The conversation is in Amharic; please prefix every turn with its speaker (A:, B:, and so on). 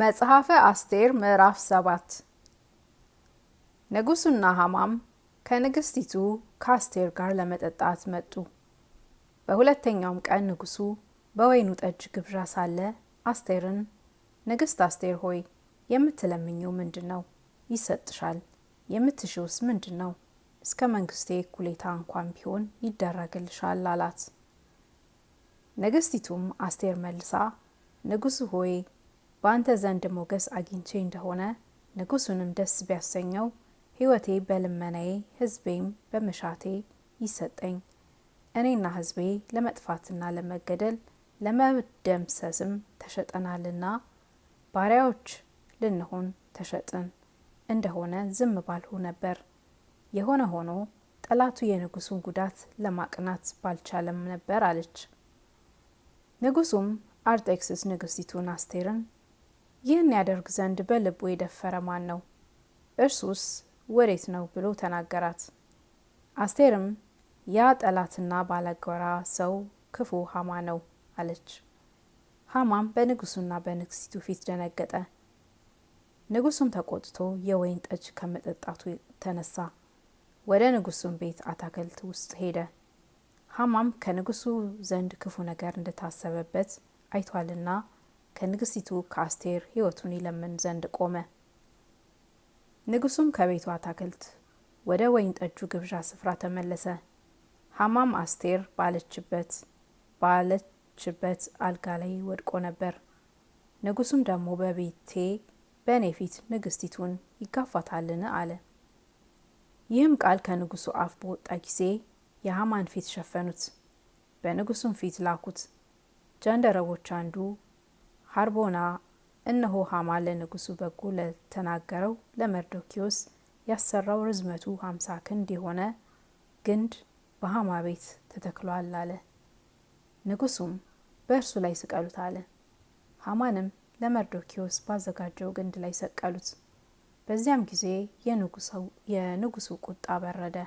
A: መጽሐፈ አስቴር ምዕራፍ ሰባት ንጉሱና ሀማም ከንግስቲቱ ከአስቴር ጋር ለመጠጣት መጡ። በሁለተኛውም ቀን ንጉሱ በወይኑ ጠጅ ግብዣ ሳለ አስቴርን፣ ንግስት አስቴር ሆይ የምትለምኘው ምንድን ነው? ይሰጥሻል። የምትሽውስ ምንድን ነው? እስከ መንግስቴ እኩሌታ እንኳን ቢሆን ይደረግልሻል አላት። ንግስቲቱም አስቴር መልሳ ንጉሱ ሆይ በአንተ ዘንድ ሞገስ አግኝቼ እንደሆነ ንጉሱንም ደስ ቢያሰኘው ሕይወቴ በልመናዬ ሕዝቤም በመሻቴ ይሰጠኝ። እኔና ሕዝቤ ለመጥፋትና ለመገደል ለመደምሰስም ተሸጠናልና ባሪያዎች ልንሆን ተሸጥን እንደሆነ ዝም ባልሁ ነበር። የሆነ ሆኖ ጠላቱ የንጉሱን ጉዳት ለማቅናት ባልቻለም ነበር አለች። ንጉሱም አርጤክስስ ንግስቲቱን አስቴርን ይህን ያደርግ ዘንድ በልቡ የደፈረ ማን ነው? እርሱስ ወዴት ነው ብሎ ተናገራት። አስቴርም ያ ጠላትና ባለጎራ ሰው ክፉ ሀማ ነው አለች። ሀማም በንጉሱና በንግስቲቱ ፊት ደነገጠ። ንጉሱም ተቆጥቶ የወይን ጠጅ ከመጠጣቱ ተነሳ። ወደ ንጉሱም ቤት አታክልት ውስጥ ሄደ። ሀማም ከንጉሱ ዘንድ ክፉ ነገር እንደታሰበበት አይቷልና ከንግስቲቱ ከአስቴር ህይወቱን ይለምን ዘንድ ቆመ። ንጉሱም ከቤቱ አታክልት ወደ ወይን ጠጁ ግብዣ ስፍራ ተመለሰ። ሐማም አስቴር ባለችበት ባለችበት አልጋ ላይ ወድቆ ነበር። ንጉሱም ደግሞ በቤቴ በእኔ ፊት ንግስቲቱን ይጋፋታልን? አለ። ይህም ቃል ከንጉሱ አፍ በወጣ ጊዜ የሀማን ፊት ሸፈኑት፣ በንጉሱም ፊት ላኩት። ጃንደረቦች አንዱ ሐርቦና እነሆ ሀማ ለንጉሱ በጎ ለተናገረው ለመርዶኪዎስ ያሰራው ርዝመቱ ሀምሳ ክንድ የሆነ ግንድ በሀማ ቤት ተተክሏል አለ። ንጉሱም በእርሱ ላይ ስቀሉት አለ። ሀማንም ለመርዶኪዎስ ባዘጋጀው ግንድ ላይ ሰቀሉት። በዚያም ጊዜ የንጉሱ ቁጣ በረደ።